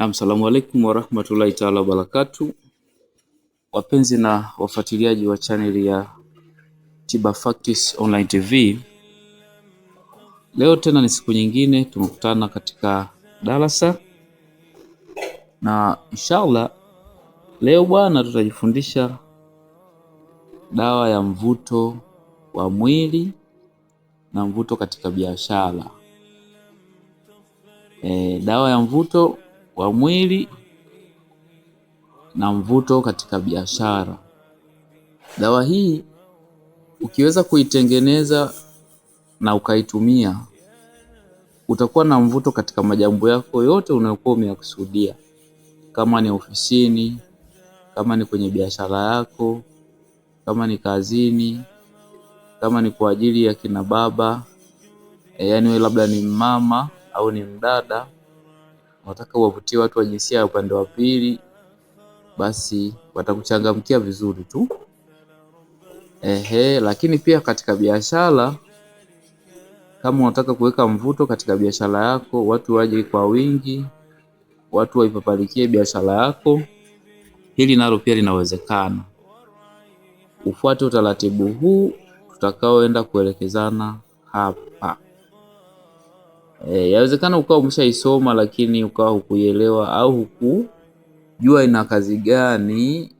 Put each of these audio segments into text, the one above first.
Naam, salamu alaikum warahmatullahi taala wabarakatu, wapenzi na wafuatiliaji wa chaneli ya Tiba Facts Online TV. Leo tena ni siku nyingine tumekutana katika darasa na inshallah leo bwana, tutajifundisha dawa ya mvuto wa mwili na mvuto katika biashara. E, dawa ya mvuto wa mwili na mvuto katika biashara. Dawa hii ukiweza kuitengeneza na ukaitumia, utakuwa na mvuto katika majambo yako yote unayokuwa umeyakusudia, kama ni ofisini, kama ni kwenye biashara yako, kama ni kazini, kama ni kwa ajili ya kina baba, eh, yaani wewe labda ni mama au ni mdada unataka uwavutie watu wa jinsia ya upande wa pili, basi watakuchangamkia vizuri tu. Ehe, lakini pia katika biashara kama unataka kuweka mvuto katika biashara yako, watu waje kwa wingi, watu waipapalikie biashara yako, hili nalo pia linawezekana. Ufuate utaratibu huu tutakaoenda kuelekezana hapa. E, yawezekana ukawa umeshaisoma lakini ukawa hukuielewa au hukujua ina kazi gani,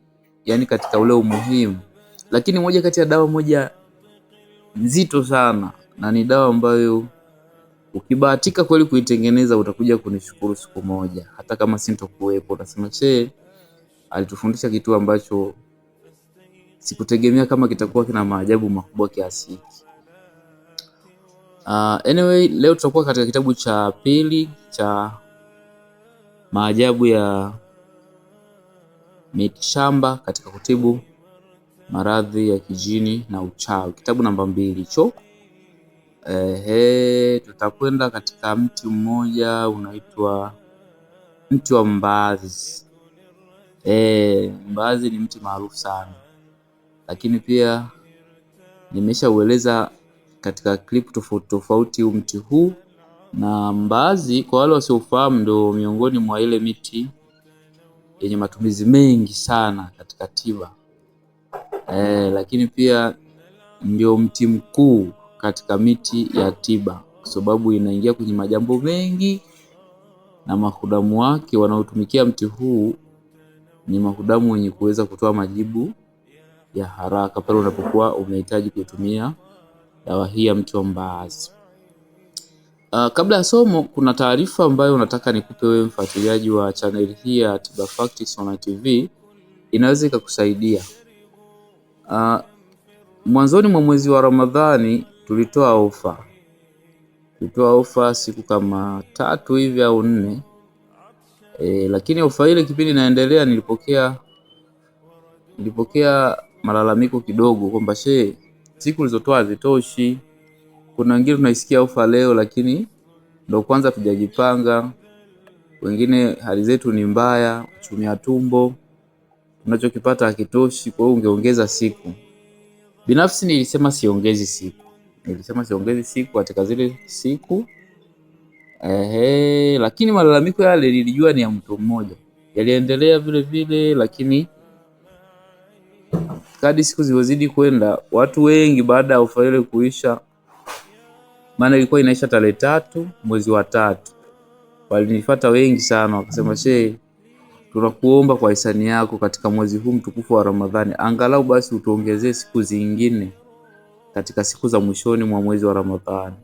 yani katika ule umuhimu. Lakini moja kati ya dawa moja nzito sana na ni dawa ambayo ukibahatika kweli kuitengeneza utakuja kunishukuru siku moja, hata kama sintokuwepo, nasema che, alitufundisha kitu ambacho sikutegemea kama kitakuwa kina maajabu makubwa kiasi hiki. Uh, anyway, leo tutakuwa katika kitabu cha pili cha maajabu ya mitishamba katika kutibu maradhi ya kijini na uchawi, kitabu namba mbili hicho. Ehe, tutakwenda katika mti mmoja unaitwa mti wa mbaazi. Eh, mbaazi ni mti maarufu sana, lakini pia nimeshaueleza katika clip tofauti tofauti mti huu, na mbaazi kwa wale wasiofahamu, ndio miongoni mwa ile miti yenye matumizi mengi sana katika tiba e, lakini pia ndio mti mkuu katika miti ya tiba kwa sababu inaingia kwenye majambo mengi, na mahudamu wake wanaotumikia mti huu ni mahudamu wenye kuweza kutoa majibu ya haraka pale unapokuwa umehitaji kutumia dawa hii ya mti wa mbaazi. Uh, kabla ya somo kuna taarifa ambayo unataka nikupe wewe mfuatiliaji wa channel hii ya Tiba Facts on TV inaweza ikakusaidia. Uh, mwanzoni mwa mwezi wa Ramadhani tulitoa ofa, tulitoa ofa siku kama tatu hivi au nne e, lakini ofa ile kipindi inaendelea, nilipokea nilipokea malalamiko kidogo kwamba shee siku ulizotoa hazitoshi. Kuna wengine tunaisikia ofa leo, lakini ndo kwanza tujajipanga Wengine hali zetu ni mbaya, uchumia tumbo, tunachokipata hakitoshi, kwa hiyo ungeongeza siku. Binafsi nilisema siongezi siku, nilisema siongezi siku katika zile siku ehe, lakini malalamiko yale nilijua ni ya mtu mmoja, yaliendelea vile vile, lakini kadi siku zilivyozidi kwenda, watu wengi baada ya ofa ile kuisha, maana ilikuwa inaisha tarehe tatu mwezi wa tatu, walinifuata wengi sana wakasema, shehe, tunakuomba kwa hisani yako katika mwezi huu mtukufu wa Ramadhani, angalau basi utuongezee siku zingine katika siku za mwishoni mwa mwezi wa Ramadhani.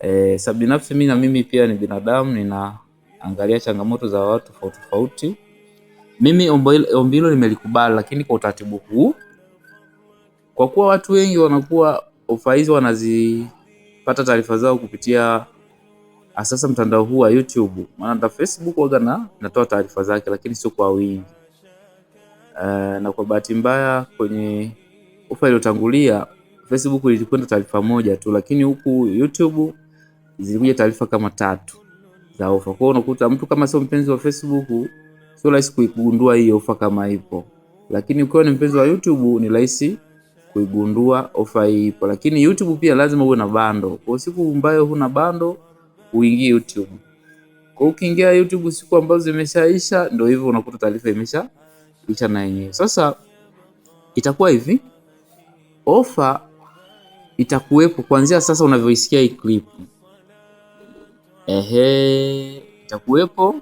E, sabinafsi mimi na mimi pia ni binadamu, ninaangalia changamoto za watu tofauti tofauti mimi ombi hilo nimelikubali, lakini kwa utaratibu huu, kwa kuwa watu wengi wanakuwa ofa wanazipata taarifa zao kupitia sasa mtandao huu wa YouTube, maana hata Facebook waga na natoa taarifa zake, lakini sio kwa wingi. Uh, na kwa bahati mbaya kwenye ofa iliyotangulia Facebook ilikwenda taarifa moja tu, lakini huku YouTube zilikuja taarifa kama tatu za ofa. Kwa hiyo unakuta mtu kama sio mpenzi wa Facebook sio rahisi kuigundua hii ofa kama ipo, lakini ukiwa ni mpenzi wa YouTube ni rahisi kuigundua ofa hii ipo. Lakini YouTube pia lazima uwe na bando, kwa siku ambayo huna bando uingie YouTube. Kwa ukiingia YouTube siku ambazo zimeshaisha, ndio hivyo unakuta taarifa imesha isha na yenyewe. Sasa itakuwa hivi, ofa itakuwepo kuanzia sasa unavyoisikia hii clip. Ehe, itakuwepo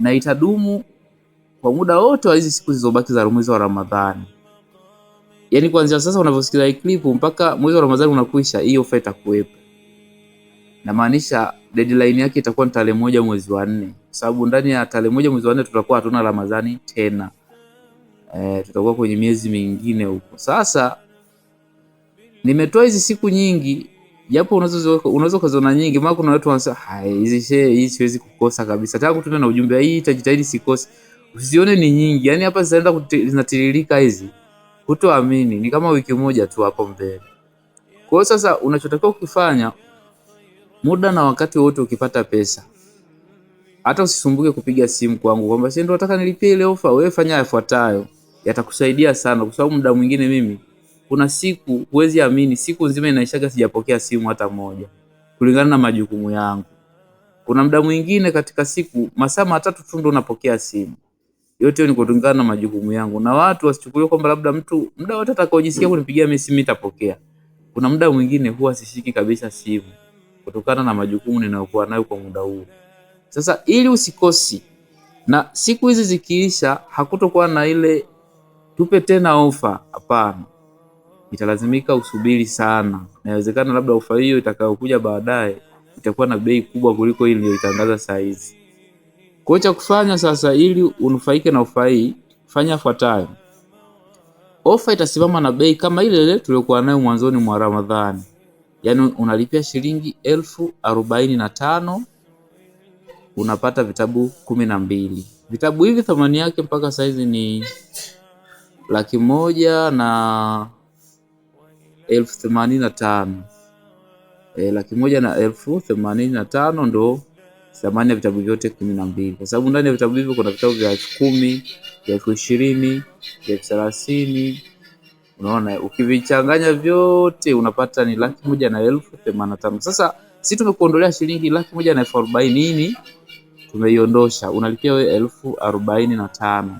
na itadumu kwa muda wote wa hizi siku zilizobaki za mwezi wa Ramadhani. Yaani kuanzia sasa unavyosikiliza hii clip mpaka mwezi wa Ramadhani unakwisha, hiyo ofa itakuwepo. Na maanisha deadline yake itakuwa ni tarehe moja mwezi wa nne, kwa sababu ndani ya tarehe moja mwezi wa nne tutakuwa hatuna Ramadhani tena. E, tutakuwa kwenye miezi mingine huko. Sasa nimetoa hizi siku nyingi japo unaweza ukaziona nyingi, maana kuna watu wanasema hai hizi share hii siwezi kukosa kabisa, nataka kutenda na ujumbe hii, itajitahidi sikose. Usione ni nyingi, yani hapa zinaenda zinatiririka hizi, kutoamini ni kama wiki moja tu hapo mbele. Kwa hiyo sasa, unachotakiwa kufanya muda na wakati wote, ukipata pesa hata usisumbuke kupiga simu kwangu kwamba sasa ndio nataka nilipie ile ofa. Wewe fanya yafuatayo, yatakusaidia sana, kwa sababu muda mwingine mimi kuna siku huwezi amini, siku nzima inaishaga sijapokea simu hata moja, kulingana na majukumu yangu. Kuna muda mwingine katika siku masaa matatu tu ndo napokea simu. Yote ni kulingana na majukumu yangu, na watu wasichukulie kwamba labda mtu muda wote atakaojisikia kunipigia mimi simu nitapokea. Kuna muda mwingine huwa sishiki kabisa simu kutokana na majukumu ninayokuwa nayo kwa muda huo. Sasa ili usikosi na siku hizi zikiisha, hakutokuwa na ile tupe tena ofa, hapana italazimika usubiri sana. Inawezekana labda ofa hiyo itakayokuja baadaye itakuwa na bei kubwa kuliko ile iliyotangaza saa hizi. Kwa cha kufanya sasa, ili unufaike na ofa hii, fanya fuatayo. ofa itasimama na bei kama ile ile tuliyokuwa nayo mwanzoni mwa Ramadhani, yaani unalipia shilingi elfu arobaini na tano unapata vitabu kumi na mbili. Vitabu hivi thamani yake mpaka saizi ni laki moja na elfu themanini na tano e, laki moja na elfu themanini na tano ndo thamani ya vitabu vyote kumi na mbili kwa sababu ndani ya vitabu hivyo kuna vitabu vya elfu kumi vya elfu ishirini vya elfu thelathini Unaona, ukivichanganya vyote unapata ni laki moja na elfu themanini na tano. Sasa si tumekuondolea shilingi laki moja na elfu arobaini nini, tumeiondosha unalipia wewe elfu arobaini na tano.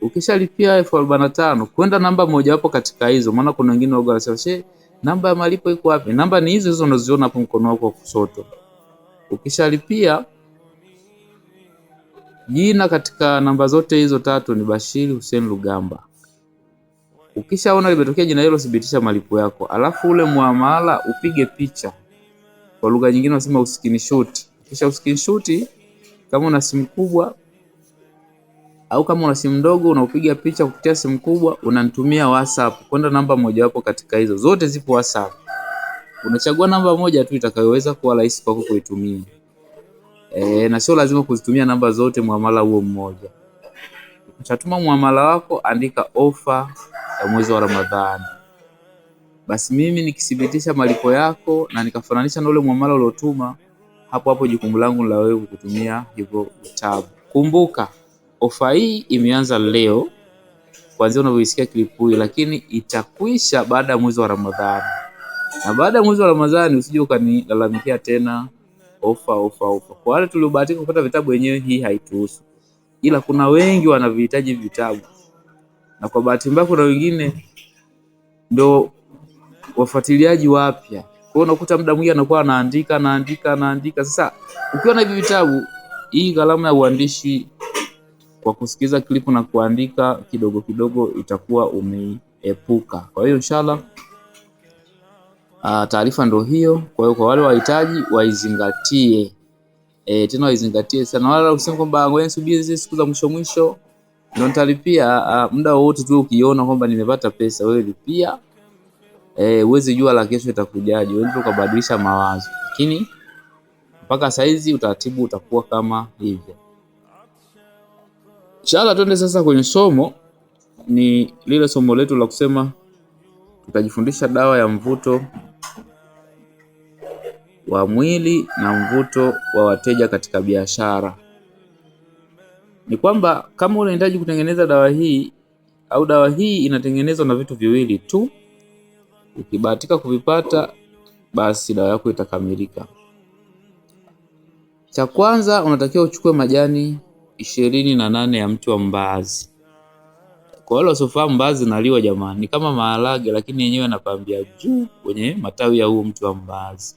Ukishalipia elfu arobaini na tano kwenda namba moja mojawapo katika hizo, maana kuna wengine wao wanasema she, namba ya malipo iko wapi? Namba ni hizo hizo unaziona hapo mkono wako wa kushoto. Ukishalipia jina katika namba zote hizo tatu ni Bashiri Hussein Lugamba. Ukishaona limetokea jina hilo, thibitisha malipo yako, alafu ule muamala upige picha, kwa lugha nyingine unasema uskinshot. Kisha uskinshot, kama una simu kubwa au kama una simu ndogo unaupiga picha kupitia simu kubwa, unanitumia WhatsApp kwenda namba moja wapo katika hizo zote, zipo WhatsApp. Unachagua namba moja tu itakayoweza kuwa rahisi kwako kuitumia e, na sio lazima kuzitumia namba zote muamala huo mmoja. Ukishatuma muamala wako, andika ofa ya mwezi wa Ramadhani. Basi mimi nikithibitisha malipo yako na nikafananisha na ule muamala uliotuma, hapo hapo jukumu langu la wewe kukutumia hivyo vitabu. Kumbuka Ofa hii imeanza leo kuanzia unavyoisikia klipu hii, lakini itakwisha baada ya mwezi wa Ramadhani. Na baada ya mwezi wa Ramadhani usije ukanilalamikia tena ofa ofa ofa. Kwa wale tuliobahatika kupata vitabu wenyewe, hii haituhusu, ila kuna wengi wanavihitaji vitabu, na kwa bahati mbaya kuna wengine ndo wafuatiliaji wapya. Kwa hiyo unakuta muda mwingi anakuwa anaandika anaandika anaandika. Sasa ukiwa na hivi vitabu, hii gharama ya uandishi kwa kusikiza klipu na kuandika kidogo kidogo itakuwa umeepuka. Kwa hiyo inshallah, ah, taarifa ndio hiyo. Kwa hiyo kwa wale wahitaji waizingatie, e, tena waizingatie sana, wala usiseme kwamba ngoja nisubiri siku za mwisho mwisho ndio nitalipia. Ah, muda wowote tu ukiona kwamba nimepata pesa, wewe lipia. Eh, uwezi jua la kesho itakujaje, ndio kubadilisha mawazo, lakini mpaka saizi utaratibu utakuwa kama hivyo. Inshallah twende sasa kwenye somo, ni lile somo letu la kusema tutajifundisha dawa ya mvuto wa mwili na mvuto wa wateja katika biashara. Ni kwamba kama unahitaji kutengeneza dawa hii au dawa hii inatengenezwa na vitu viwili tu, ukibahatika kuvipata, basi dawa yako itakamilika. Cha kwanza unatakiwa uchukue majani ishirini na nane ya mti wa mbaazi. Kwa wale wasiofahamu, mbaazi naliwa jamani, ni kama maharage, lakini yenyewe yanapambia juu kwenye matawi ya huo mti wa mbaazi.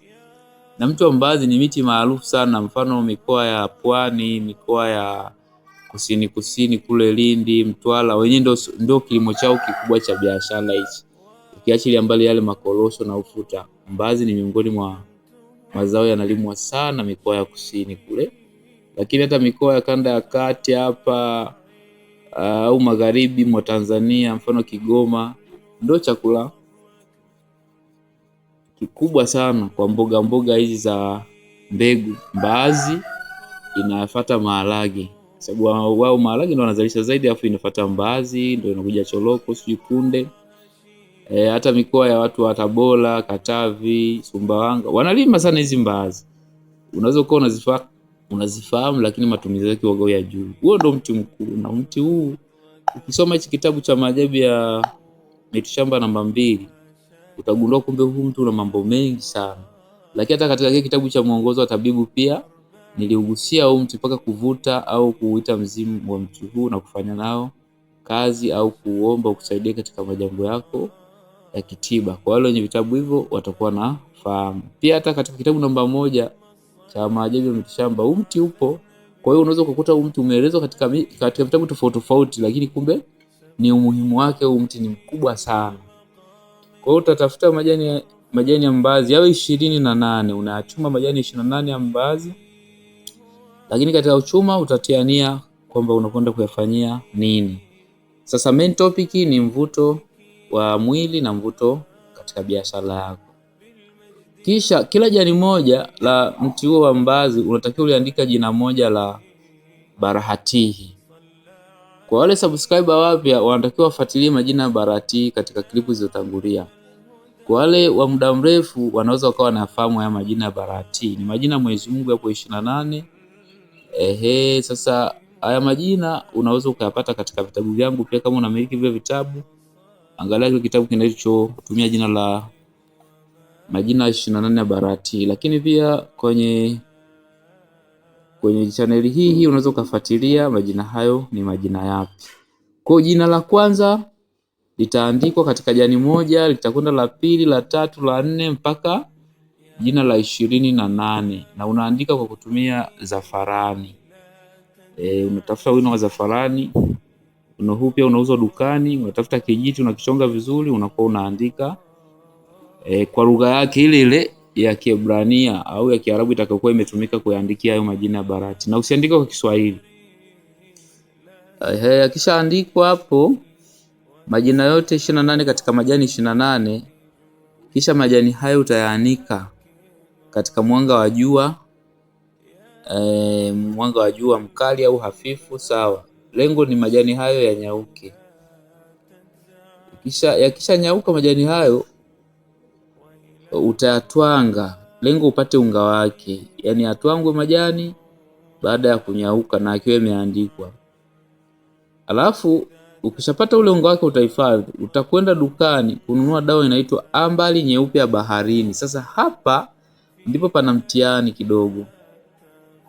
Na mti wa mbaazi ni miti maarufu sana, mfano mikoa ya Pwani, mikoa ya kusini kusini kule Lindi, Mtwara, wenyewe ndio ndio kilimo chao kikubwa cha biashara hichi, ukiachilia mbali yale makorosho na ufuta. Mbaazi ni miongoni mwa mazao yanalimwa sana mikoa ya kusini kule lakini hata mikoa ya kanda ya kati hapa uh, au uh, magharibi mwa Tanzania, mfano Kigoma, ndo chakula kikubwa sana kwa mboga mboga hizi za mbegu. Mbaazi inafata maharage, sababu wao maharage ndo wanazalisha zaidi, alafu inafata mbaazi, ndo inakuja choroko, sijui kunde E, hata mikoa ya watu wa Tabora, Katavi, Sumbawanga wanalima sana hizi mbaazi, unaweza ukawa unazifa unazifahamu, lakini matumizi yake huwa ya juu. Huo ndo mti mkuu, na mti huu ukisoma hichi kitabu cha maajabu ya mitishamba namba mbili utagundua kumbe huu mtu una mambo mengi sana, lakini hata katika kile kitabu cha mwongozo wa tabibu pia niliugusia huu mti mpaka kuvuta au kuuita mzimu wa mti huu na kufanya nao kazi au kuomba kusaidia katika majambo yako ya kitiba. Kwa wale wenye vitabu hivyo watakuwa na fahamu pia. Hata katika kitabu namba moja cha maajabu ya mitishamba. Huu mti upo, kwa hiyo unaweza kukuta huu mti umeelezwa katika katika vitabu tofauti tofauti, lakini kumbe ni umuhimu wake huu mti ni mkubwa sana. Kwa hiyo utatafuta majani majani ya mbazi yawe ishirini na nane. Unachuma majani ishirini na nane ya mbazi, lakini katika uchuma utatiania kwamba unakwenda kuyafanyia nini. Sasa main topic ni mvuto wa mwili na mvuto katika biashara yako. Kisha kila jani moja la mti huo wa mbazi unatakiwa uliandika jina moja la Barahatihi. Kwa wale subscriber wapya wanatakiwa wafuatilie majina ya Barahatihi katika klipu zilizotangulia. Kwa wale wa muda mrefu wanaweza wakawa wanafahamu haya majina ya Barahatihi. Ni majina Mwenyezi Mungu yapo ishirini na nane. Ehe, sasa haya majina unaweza ukayapata katika vitabu vyangu pia. Kama unamiliki vile vitabu, angalia kile kitabu kinachotumia jina la majina ishirini na nane ya barati Lakini pia kwenye kwenye chaneli hii hii unaweza ukafuatilia majina hayo ni majina yapi. Kwa jina la kwanza litaandikwa katika jani moja, litakwenda la pili, la tatu, la nne mpaka jina la ishirini na nane na unaandika kwa kutumia zafarani. E, unatafuta wino wa zafarani. Wino huu pia unauzwa dukani. Unatafuta kijiti, unakichonga vizuri, unakuwa unaandika e, kwa lugha yake ile ile ya Kiebrania au ya Kiarabu itakayokuwa imetumika kuyaandikia hayo majina ya barati, na usiandike kwa Kiswahili. Ehe, akishaandikwa hapo majina yote ishirini na nane katika majani ishirini na nane kisha majani hayo utayaanika katika mwanga wa jua e, mwanga wa jua mkali au hafifu sawa. Lengo ni majani hayo yanyauke. Kisha yakishanyauka majani hayo utayatwanga, lengo upate unga wake, yaani atwangwe majani baada ya kunyauka na akiwa imeandikwa. Alafu ukishapata ule unga wake utahifadhi, utakwenda dukani kununua dawa inaitwa ambali nyeupe ya baharini. Sasa hapa ndipo pana mtihani kidogo.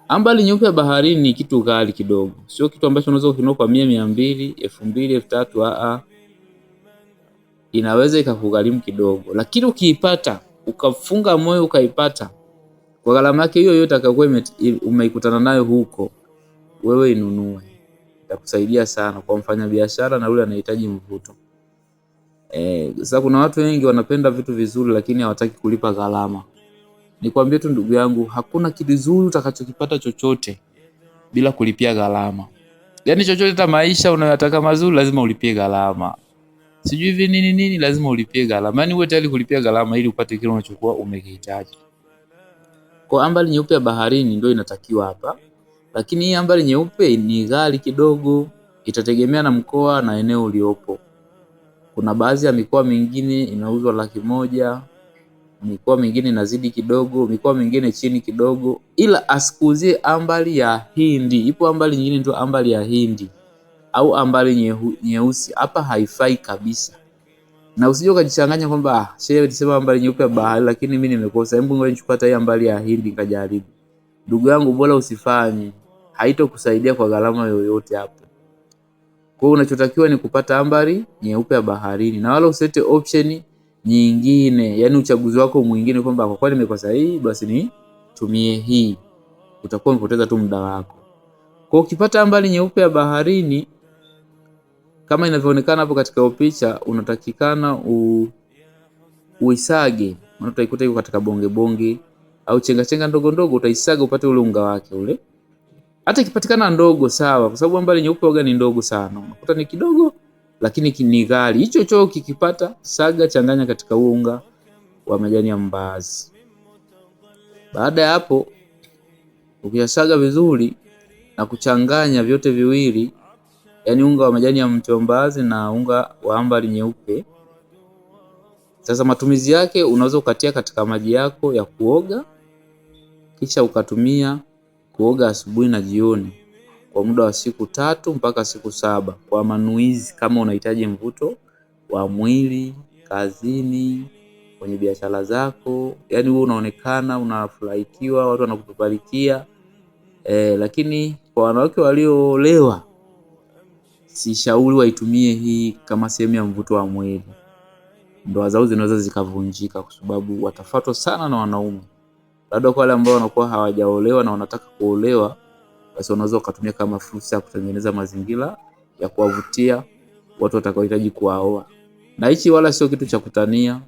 Ambali nyeupe ya baharini ni kitu ghali kidogo, sio kitu ambacho unaweza kununua kwa mia mia mbili elfu mbili elfu tatu a, inaweza ikakugharimu kidogo, lakini ukiipata ukafunga moyo ukaipata kwa gharama yake hiyo yote akakuwa umeikutana nayo huko, wewe inunue, itakusaidia sana kwa mfanyabiashara na yule anahitaji mvuto. Eh, sasa kuna watu wengi wanapenda vitu vizuri lakini hawataki kulipa gharama. Nikwambie tu ndugu yangu, hakuna kizuri utakachokipata chochote bila kulipia gharama. Yaani chochote, hata maisha unayotaka mazuri lazima ulipie gharama sijui hivi nini nini, lazima ulipie gharama, yaani uwe tayari kulipia gharama ili upate kile unachokuwa umekihitaji. Kwa ambali nyeupe ya baharini ndio inatakiwa hapa, lakini hii ambali nyeupe ni ghali kidogo, itategemea na mkoa na eneo uliopo. Kuna baadhi ya mikoa mingine inauzwa laki moja, mikoa mingine inazidi kidogo, mikoa mingine chini kidogo, ila asikuuzie ambali ya hindi. Ipo ambali nyingine ndio ambali ya hindi au ambari nyeusi. Hapa haifai kabisa, na usije ukajichanganya kwamba ah, shehe alisema ambari nyeupe ya bahari, lakini mimi nimekosa, hebu ngoja nichukue hata ambari ya Hindi nikajaribu. Ndugu yangu, bora usifanye, haitokusaidia kwa gharama yoyote hapo. Kwa hiyo unachotakiwa ni kupata ambari nyeupe ya baharini, na wala usete option nyingine, yani uchaguzi wako mwingine kwamba kwa kweli nimekosa hii, basi ni tumie hii, utakuwa umepoteza tu muda wako. Kwa ukipata ambari nyeupe ya baharini kama inavyoonekana hapo katika picha, unatakikana u, uisage utaikuta iko katika bonge bonge au chenga chenga ndogo ndogo, utaisaga upate ule unga wake ule. Hata ikipatikana ndogo sawa, kwa sababu ambali nyeupe waga ni ndogo sana, unakuta ni kidogo lakini ni ghali. Hicho choo kikipata, saga changanya katika unga wa majani ya mbaazi. Baada ya hapo, ukiyasaga vizuri na kuchanganya vyote viwili yani unga wa majani ya mchombazi na unga wa ambali nyeupe. Sasa matumizi yake, unaweza ukatia katika maji yako ya kuoga, kisha ukatumia kuoga asubuhi na jioni kwa muda wa siku tatu mpaka siku saba kwa manuizi, kama unahitaji mvuto wa mwili kazini, kwenye biashara zako, yani wewe unaonekana unafurahikiwa, watu wanakutubarikia. Eh, lakini kwa wanawake walioolewa sishauri waitumie hii kama sehemu ya mvuto wa mwili. Ndoa zao zinaweza zikavunjika kwa sababu watafatwa sana na wanaume. Labda kwa wale ambao wanakuwa hawajaolewa na wanataka kuolewa, basi wanaweza wakatumia kama fursa ya kutengeneza mazingira ya kuwavutia watu watakaohitaji kuwaoa, na hichi wala sio kitu cha kutania.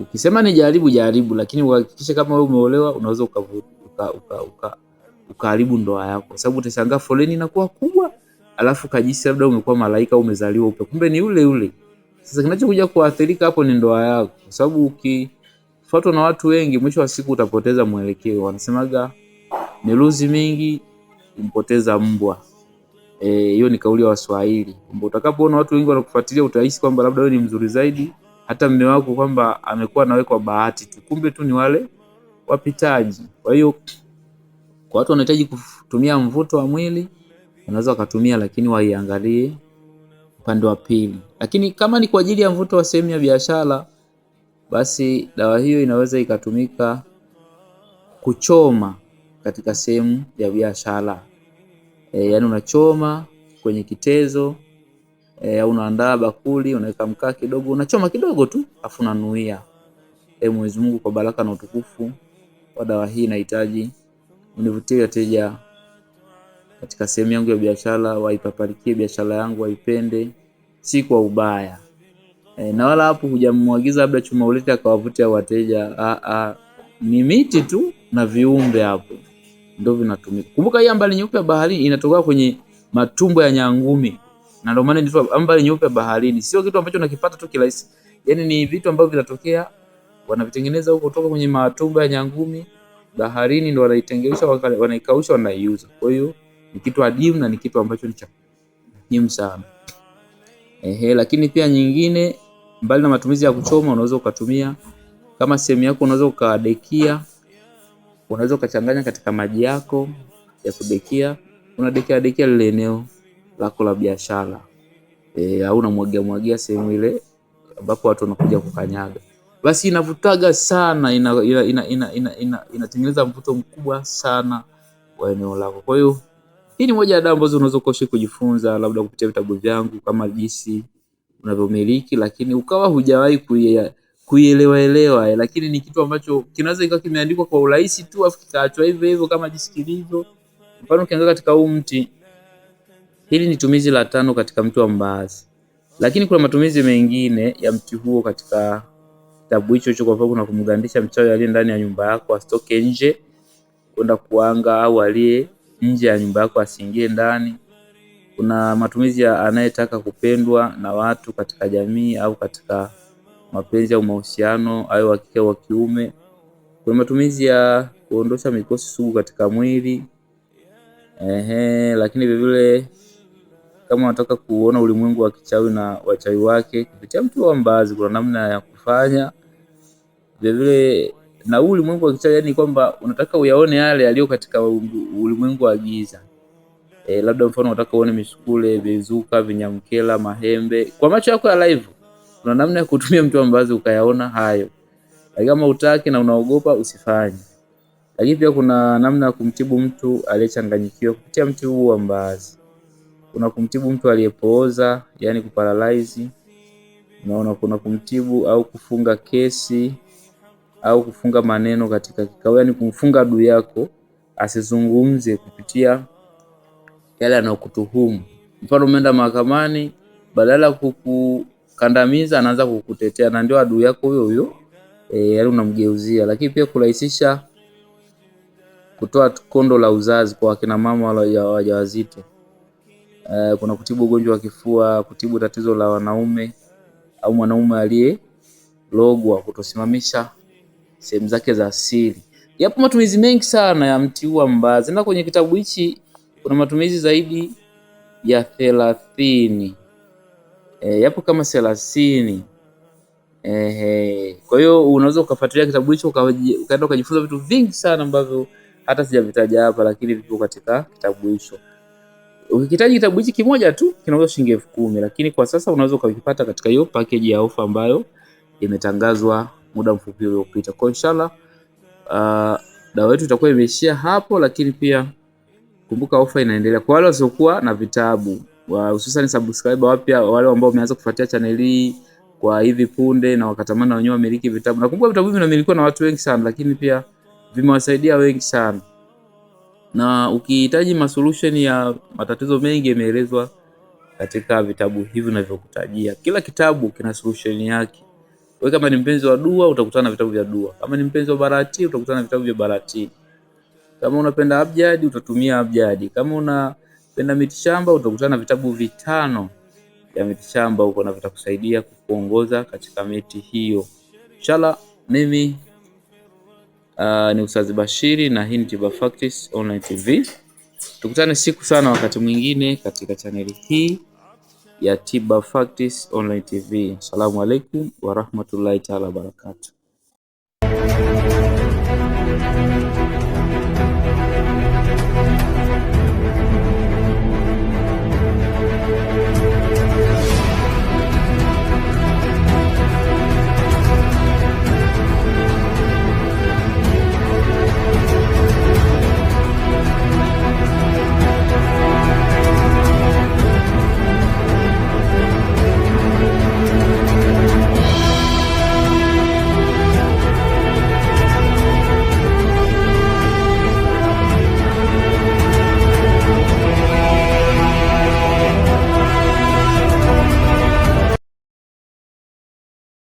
Ukisema ni jaribu jaribu, lakini uhakikishe kama wewe umeolewa, unaweza ukaharibu uka, uka, uka, uka ndoa yako, kwa sababu utashangaa foleni inakuwa kubwa alafu kajisi labda umekuwa malaika umezaliwa upya, kumbe ni yule yule. Sasa kinachokuja kuathirika hapo ni ndoa yako, kwa sababu ukifuatwa na watu wengi, mwisho wa siku utapoteza mwelekeo. Wanasemaga miluzi mingi umpoteza mbwa. E, hiyo e, ni kauli ya Waswahili kwamba utakapoona watu wengi wanakufuatilia utahisi kwamba labda wewe ni mzuri zaidi, hata mme wako kwamba amekuwa nawe kwa bahati tu, kumbe tu ni wale wapitaji. Kwa hiyo kwa watu wanahitaji kutumia mvuto wa mwili unaweza ukatumia, lakini waiangalie upande wa pili. Lakini kama ni kwa ajili ya mvuto wa sehemu ya biashara, basi dawa hiyo inaweza ikatumika kuchoma katika sehemu ya biashara e, yani unachoma kwenye kitezo e, unaandaa bakuli, unaweka mkaa kidogo, unachoma kidogo tu, afu unanuia. E, Mwenyezi Mungu, kwa baraka na utukufu wa dawa hii, nahitaji univutie wateja katika sehemu yangu ya biashara, waipaparikie biashara yangu, waipende, si kwa ubaya e, na wala hapo hujamwagiza labda chuma ulete akawavutia wateja a, a, ni miti tu na viumbe hapo ndio vinatumika. Kumbuka hii ambali nyeupe ya baharini inatoka kwenye matumbo ya nyangumi, na ndio maana inaitwa ambali nyeupe ya baharini. Sio kitu ambacho unakipata tu kirahisi, yani ni vitu ambavyo vinatokea, wanavitengeneza huko kutoka kwenye matumbo ya nyangumi baharini, ndio wanaitengeneza, wanaikausha, wanaiuza. Kwa hiyo ni kitu adimu na ni kitu ambacho ni cha muhimu sana. Ehe, lakini pia nyingine, mbali na matumizi ya kuchoma, unaweza ukatumia kama sehemu yako, unaweza ukadekia, unaweza ukachanganya katika maji yako ya kudekia, unadekia dekia lile eneo lako la biashara e, au unamwagia mwagia sehemu ile ambapo watu wanakuja kukanyaga, basi inavutaga sana, inatengeneza ina, ina, ina, ina, ina mvuto mkubwa sana wa eneo lako, kwa hiyo hii ni moja ya dawa ambazo unaweza kushi kujifunza labda kupitia vitabu vyangu kama jinsi unavyomiliki, lakini ukawa hujawahi kuielewa elewa, eh, lakini ni kitu ambacho kinaweza ikawa kimeandikwa kwa urahisi tu afu kikaachwa hivyo hivyo kama jinsi kilivyo. Mfano, ukianza katika huu mti, hili ni tumizi la tano katika mti wa mbaazi, lakini kuna matumizi mengine ya mti huo katika kitabu hicho hicho. Kwa mfano, kuna kumgandisha mchawi aliye ndani ya nyumba yako asitoke nje kwenda kuanga au aliye nje ya nyumba yako, asiingie ndani. Kuna matumizi ya anayetaka kupendwa na watu katika jamii au katika mapenzi au mahusiano, au wa kike wa kiume. Kuna matumizi ya kuondosha mikosi sugu katika mwili. Ehe, lakini vilevile kama unataka kuona ulimwengu wa kichawi na wachawi wake kupitia mti wa mbazi, kuna namna ya kufanya vilevile na huu ulimwengu wa kichaa, yani kwamba unataka uyaone yale yaliyo katika ulimwengu wa giza. E, labda mfano unataka uone misukule, vizuka, vinyamkela, mahembe kwa macho yako ya live. Kuna namna ya kutumia mtu ambazo ukayaona hayo, lakini kama utaki na unaogopa usifanye. Lakini pia kuna namna ya kumtibu mtu aliyechanganyikiwa kupitia mti huu wa mbaazi. Kuna kumtibu mtu aliyepooza, yani kuparalyze. Unaona, kuna kumtibu au kufunga kesi au kufunga maneno katika kikao, yani kumfunga adui yako asizungumze kupitia yale anayokutuhumu. Mfano, umeenda mahakamani, badala ya kukukandamiza anaanza kukutetea, na ndio adui yako huyo huyo e, yani unamgeuzia. Lakini pia kurahisisha kutoa kondo la uzazi kwa wakina mama wajawazito e, kuna kutibu ugonjwa wa kifua, kutibu tatizo la wanaume au mwanaume aliye logwa kutosimamisha sehemu zake za asili. Yapo matumizi mengi sana ya mti huu wa mbazi, na kwenye kitabu hichi kuna matumizi zaidi ya thelathini. E, yapo kama thelathini. Ehe, kwa hiyo unaweza ukafuatilia kitabu hicho ukaenda ukajifunza vitu vingi sana ambavyo hata sijavitaja hapa, lakini vipo katika kitabu hicho. Ukihitaji kitabu hichi kimoja tu kinauza shilingi elfu kumi, lakini kwa sasa unaweza ukakipata katika hiyo package ya ofa ambayo imetangazwa muda mfupi uliopita. Kwa inshallah uh, dawa yetu itakuwa imeishia hapo, lakini pia kumbuka ofa inaendelea kwa wale wasiokuwa na vitabu, hususan subscriber wapya, wale ambao wameanza kufuatia channel hii kwa hivi punde na wakatamani wenyewe wamiliki vitabu. Nakumbuka vitabu hivi vinamilikiwa na watu wengi sana, lakini pia vimewasaidia wengi sana, na ukihitaji masolution ya matatizo mengi yameelezwa katika vitabu hivi ninavyokutajia. Kila kitabu kina solution yake. Wewe kama ni mpenzi wa dua utakutana na vitabu vya dua, kama ni mpenzi wa barati utakutana na vitabu vya barati, kama unapenda abjadi utatumia abjadi, kama unapenda mitishamba utakutana na vitabu vitano vya mitishamba huko, na vitakusaidia kukuongoza katika miti hiyo. Inshallah, mimi uh, ni Ustadh Bashiri na hii ni Tiba Facts Online TV. Tukutane siku sana wakati mwingine katika chaneli hii ya Tiba Facts Online TV. Assalamu alaikum warahmatullahi taala wabarakatuh.